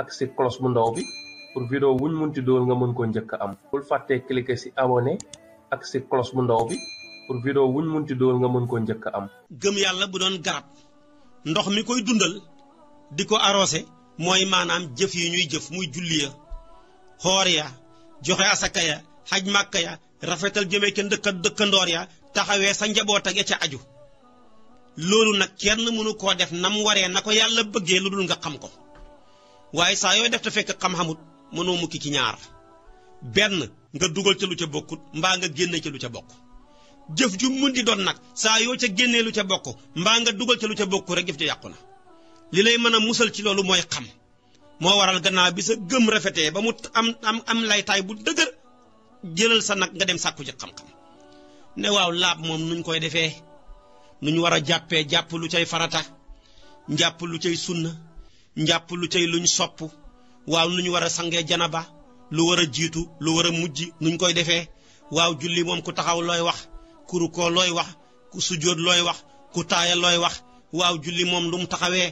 ak si cloche bu ndaw bi pour vidéo wuñ munti nga mën ko njëkk am bul fàttee cliquer si abonné ak si cloche bu ndaw bi pour vidéo wuñ munti nga mën ko njëkk am gëm yàlla bu doon garab ndox mi koy dundal di ko arrosé mooy maanaam jëf yi ñuy jëf muy julli ya xoor ya joxe asaka ya xaj màkka ya rafetal jëme ca ndëkka dëkkandoor ya taxawee sa njaboot ak ya ca aju loolu nag kenn mënu koo def nam waree na ko yàlla lu dul nga xam ko waaye saa yooy def te fekk xam-xamut mënoo mukki ci ñaar benn nga dugal ca lu ca bokkut mbaa nga génne ca lu ca bokk jëf ju mun di doon nag saa yoo ca génnee lu ca bokk mbaa nga dugal ca lu ca bokk rek jëf ja yàqu na li lay mën a musal ci loolu mooy xam moo waral gannaaw bi sa gëm rafetee ba mu am am am laytaay bu dëgër jëlal sa nag nga dem sàkku ci xam-xam ne waaw laab moom nuñ koy defee nuñ war a jàppee jàpp lu cay farata njàpp lu cay sunna njàpp lu lu ñu sopp waaw lu ñu war a sangee janaba lu war a jiitu lu war a mujj nuñ koy defee waaw julli moom ku taxaw looy wax ku rukkoo looy wax ku sujjóot looy wax ku taaya looy wax waaw julli moom lu mu taxawee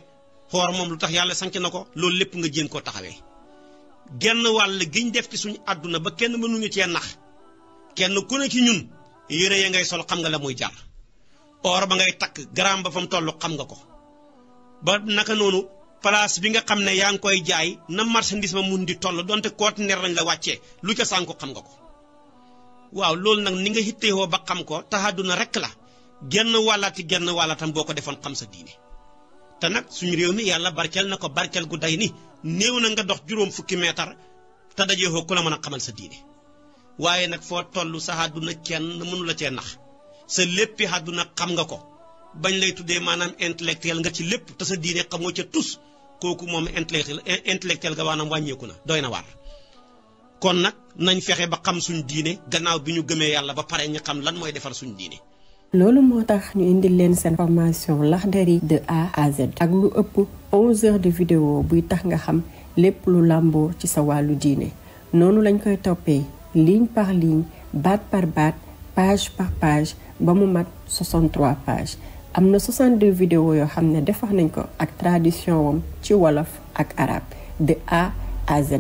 xoor moom lu tax yàlla sanc na ko loolu lépp nga jéem koo taxawee genn wàll giñ def ci suñu àdduna ba kenn mënuñu cee nax kenn ku ne ci ñun yére ya ngay sol xam nga la muy jar or ba ngay takk garaam ba fa mu toll xam nga ko ba place bi nga xam ne yaa ngi koy jaay na marchandise ma mun di toll donte conteneur lañ la wàccee lu ca sànku xam nga ko waaw loolu nag ni nga xitteewoo ba xam ko taxaduna rek la genn wàllaati genn wàllaatam boo ko defoon xam sa diine te nag suñu réew mi yàlla barkeel na ko barkeel gu day ni néew na nga dox juróom fukki meetar te dajeexoo ku la mën a xamal sa diine waaye nag foo toll sa àdduna kenn mënu la cee nax sa léppi àdduna xam nga ko bañ lay tuddee maanaam intellectuel nga ci lépp te sa diine xamoo ca tus kooku moom intellectuel intellectuel ga waanam wàññeeku na doy na waar kon nag nañ fexe ba xam suñ diine gannaaw bi ñu gëmee yàlla ba pare ñu xam lan mooy defar suñ diine loolu moo tax ñu indil leen seen formation Laxdari de A à Z ak lu ëpp 11 heures de vidéo buy tax nga xam lépp lu làmboo ci sa wàllu diine noonu lañ koy toppee ligne par ligne baat par baat page par page ba mu mat 63 pages am na 62 vidéo yoo xam ne defar nañ ko ak tradition wam ci wolof ak arabe de A à Z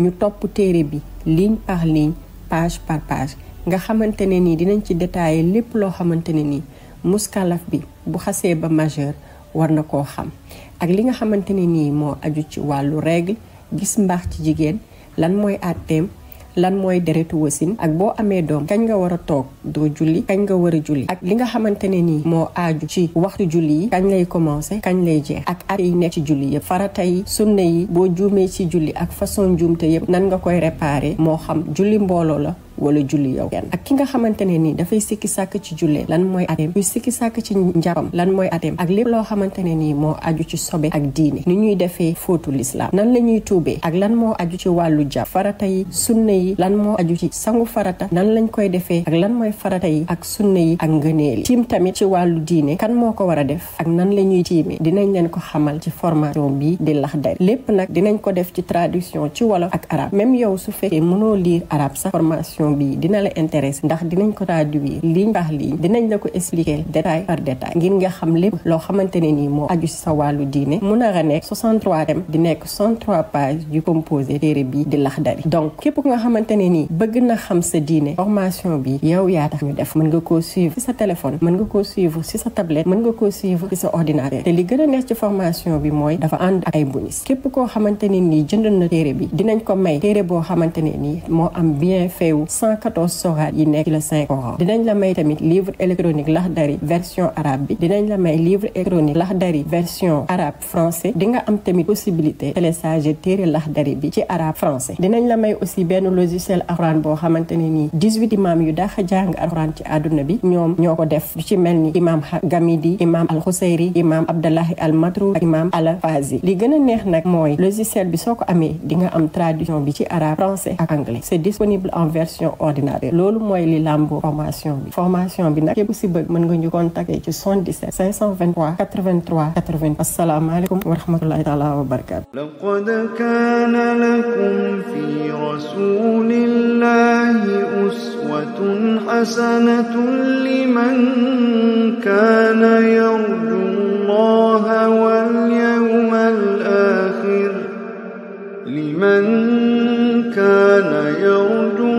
ñu topp téere bi ligne par ligne page par page nga xamante ne nii dinañ ci détailler lépp loo xamante ne nii muskalaf bi bu xasee ba majeur war na koo xam ak li nga xamante ne nii moo aju ci wàllu règle gis mbaax ci jigéen lan mooy àtteem lan mooy deretu wasin ak boo amee doom kañ nga war a toog doo julli kañ nga war a julli ak li nga xamante ne nii moo aju ci waxtu julli yi kañ lay commencé kañ lay jeex ak at yi nekk ci julli yëpp farata yi sunna yi boo juumee ci julli ak façon juumte yëpp nan nga koy réparer moo xam julli mbooloo la wala julli yow kenn ak ki nga xamante ne ni dafay sikki sàkk ci jullee lan mooy atem kuy sikki sàkk ci njàppam lan mooy atem ak lépp loo xamante ne nii moo aju ci sobe ak diine ni ñuy defee fóotu lislaam nan la ñuy tuubee ak lan moo aju ci wàllu jàpp farata yi yi lan moo aju ci sangu farata nan lañ koy defee ak lan mooy farata yi ak sunna yi ak ngëneel yi tiim tamit ci wàllu diine kan moo ko war a def ak nan lañuy ñuy dinañ leen ko xamal ci formation bi di lax day lépp nag dinañ ko def ci traduction ci wolof ak arab même yow su fekkee mënoo lire arab sax formation formation bi dina la intéresse ndax dinañ ko traduire liñ baax liñ dinañ la ko expliquer détail par détail ngir nga xam lépp loo xamante nii moo aju si sa wàllu diine mu a nekk di nekk 63 pages yu composé téere bi di nga xamante ne nii bëgg na xam sa diine formation bi yow yaa tax ñu nga koo suivre si sa téléphone mën nga koo suivre si sa tablette mën nga koo suivre si sa ordinateur te li gën a neex ci formation bi mooy dafa ànd ay bonus képp koo xamante nii jëndoon na téere bi dinañ ko may téere boo xamante nii moo am bien feewu 114 soraat yi le 5 oran. dinañ la may tamit livre électronique Laxdari version arabe bi la may livre électronique Laxdari version arabe français di nga am tamit possibilité télécharger téere Laxdari bi ci arabe français dinañ la may aussi benn logiciel alxuraan boo xamante ni 18 imam yu hajang a jàng nyom ci àdduna bi ñoom ñoo def ci Gamidi imam al Xuseyri imam Abdallahi al Matrou ak al Fazi li gën a neex nag mooy logiciel bi soo ko amee di nga am traduction bi ci arabe français ak anglais c'est disponible en version formation ordinaire loolu mooy li làmbu formation bi formation bi nag képp si bëgg mën nga ñu contacter ci 77 523 83 80 asalaamaaleykum wa rahmatulahi taala wa barakaatu laqad kaana lakum fi rasulillahi uswatun hasanatun liman kaana yarju allaha wal yawmal aakhir liman كان يرجو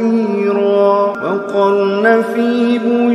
كثيرا وقرن في بيوتكم